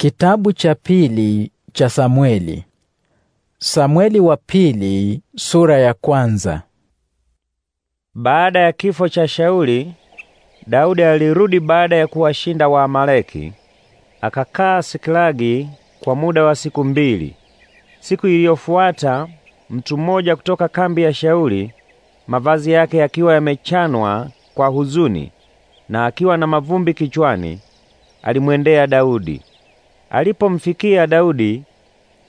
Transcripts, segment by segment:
Kitabu cha pili cha Samueli. Samueli wa pili sura ya kwanza. Baada ya kifo cha Shauli, Daudi alirudi baada ya kuwashinda wa amaleki Akakaa Siklagi kwa muda wa siku mbili. Siku iliyofuata, mtu mmoja kutoka kambi ya Shauli, mavazi yake yakiwa yamechanwa kwa huzuni na akiwa na mavumbi kichwani, alimwendea Daudi. Alipomfikia Daudi,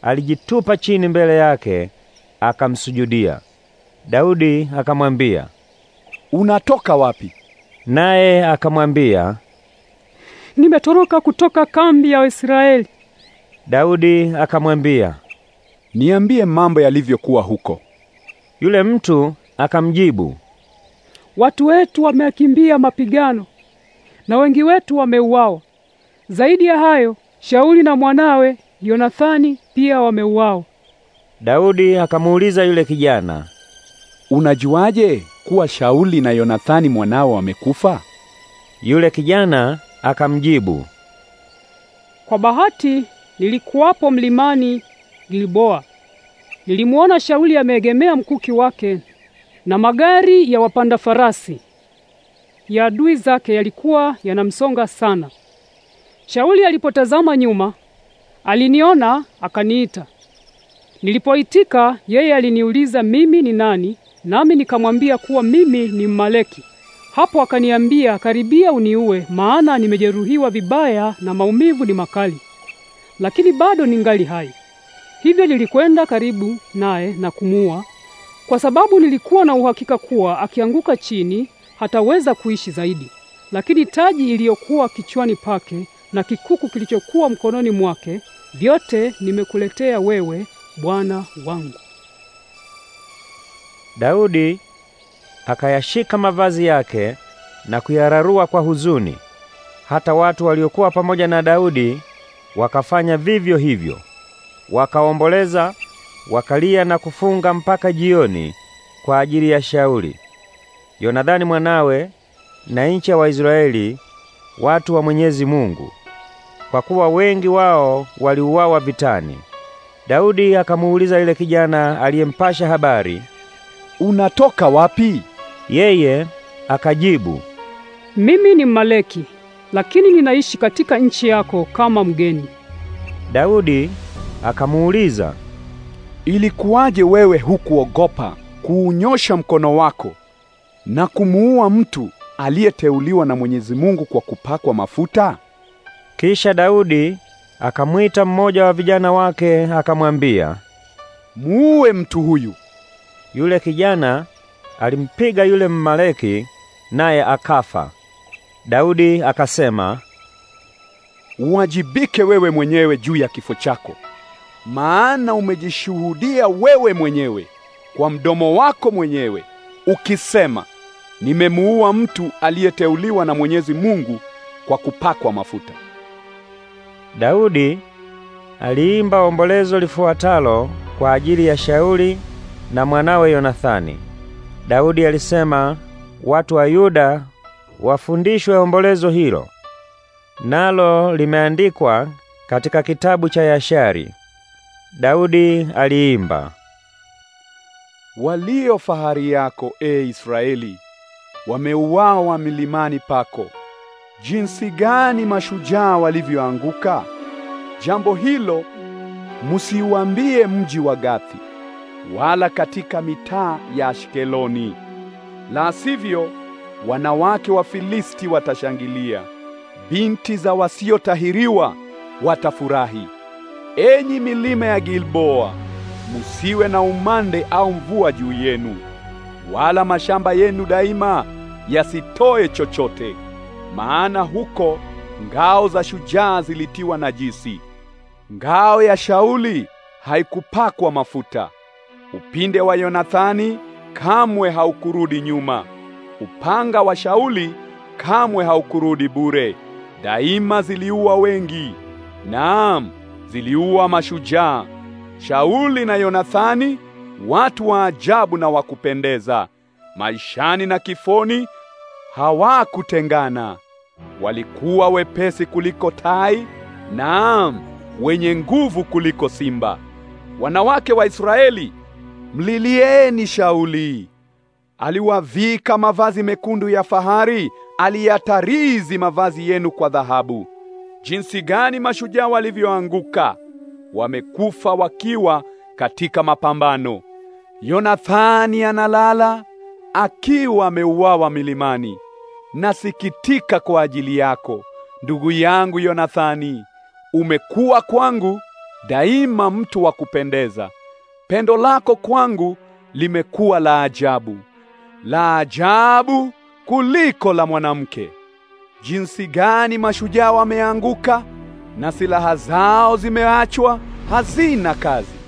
alijitupa chini mbele yake akamsujudia. Daudi akamwambia, unatoka wapi? Naye akamwambia, nimetoroka kutoka kambi ya Israeli. Daudi akamwambia, niambie mambo yalivyokuwa huko. Yule mtu akamjibu, watu wetu wamekimbia mapigano na wengi wetu wameuawa. Zaidi ya hayo Shauli na mwanawe Yonathani pia wameuawa. Daudi akamuuliza yule kijana, unajuaje kuwa Shauli na Yonathani mwanao wamekufa? Yule kijana akamjibu, kwa bahati nilikuwapo mlimani Gilboa, nilimuona Shauli ameegemea mkuki wake na magari ya wapanda farasi ya adui zake yalikuwa yanamsonga sana. Shauli alipotazama nyuma, aliniona akaniita. Nilipoitika, yeye aliniuliza mimi ni nani, nami nikamwambia kuwa mimi ni Mmaleki. Hapo akaniambia, karibia uniue, maana nimejeruhiwa vibaya na maumivu ni makali, lakini bado ningali hai. Hivyo nilikwenda karibu naye na kumua, kwa sababu nilikuwa na uhakika kuwa akianguka chini hataweza kuishi zaidi. Lakini taji iliyokuwa kichwani pake na kikuku kilichokuwa mkononi mwake, vyote nimekuletea wewe bwana wangu. Daudi akayashika mavazi yake na kuyararua kwa huzuni. Hata watu waliokuwa pamoja na Daudi wakafanya vivyo hivyo, wakaomboleza, wakalia na kufunga mpaka jioni kwa ajili ya Shauli. Yonadhani mwanawe na nchi ya Waisraeli, watu wa Mwenyezi Mungu kwa kuwa wengi wao waliuawa vitani. Daudi akamuuliza yule kijana aliyempasha habari, unatoka wapi? Yeye akajibu, mimi ni Maleki, lakini ninaishi katika nchi yako kama mgeni. Daudi akamuuliza, ilikuwaje wewe hukuogopa kuunyosha mkono wako na kumuua mtu aliyeteuliwa na Mwenyezi Mungu kwa kupakwa mafuta? Kisha Daudi akamwita mmoja wa vijana wake akamwambia, muue mtu huyu. Yule kijana alimpiga yule Mmaleki naye akafa. Daudi akasema, uwajibike wewe mwenyewe juu ya kifo chako, maana umejishuhudia wewe mwenyewe kwa mdomo wako mwenyewe ukisema, nimemuua mtu aliyeteuliwa na Mwenyezi Mungu kwa kupakwa mafuta. Daudi aliimba ombolezo lifuatalo kwa ajili ya Shauli na mwanawe Yonathani. Daudi alisema, watu wa Yuda wafundishwe ombolezo hilo, nalo limeandikwa katika kitabu cha Yashari. Daudi aliimba, walio fahari yako, e Israeli, wameuawa milimani pako jinsi gani mashujaa walivyoanguka. Jambo hilo musiuambie mji wa Gathi wala katika mitaa ya Ashkeloni, la sivyo wanawake wa Filisti watashangilia, binti za wasiotahiriwa watafurahi. Enyi milima ya Gilboa, musiwe na umande au mvua juu yenu, wala mashamba yenu daima yasitoe chochote maana huko ngao za shujaa zilitiwa najisi. Ngao ya Shauli haikupakwa mafuta. Upinde wa Yonathani kamwe haukurudi nyuma. Upanga wa Shauli kamwe haukurudi bure. Daima ziliua wengi. Naam, ziliua mashujaa. Shauli na Yonathani, watu wa ajabu na wakupendeza. Maishani na kifoni hawakutengana. Walikuwa wepesi kuliko tai, naam, wenye nguvu kuliko simba. Wanawake wa Israeli, mlilieni Shauli. Aliwavika mavazi mekundu ya fahari, aliyatarizi mavazi yenu kwa dhahabu. Jinsi gani mashujaa walivyoanguka! Wamekufa wakiwa katika mapambano. Yonathani analala, akiwa ameuawa milimani. Nasikitika kwa ajili yako ndugu yangu Yonathani, umekuwa kwangu daima mtu wa kupendeza. Pendo lako kwangu limekuwa la ajabu, la ajabu kuliko la mwanamke. Jinsi gani mashujaa wameanguka na silaha zao zimeachwa hazina kazi!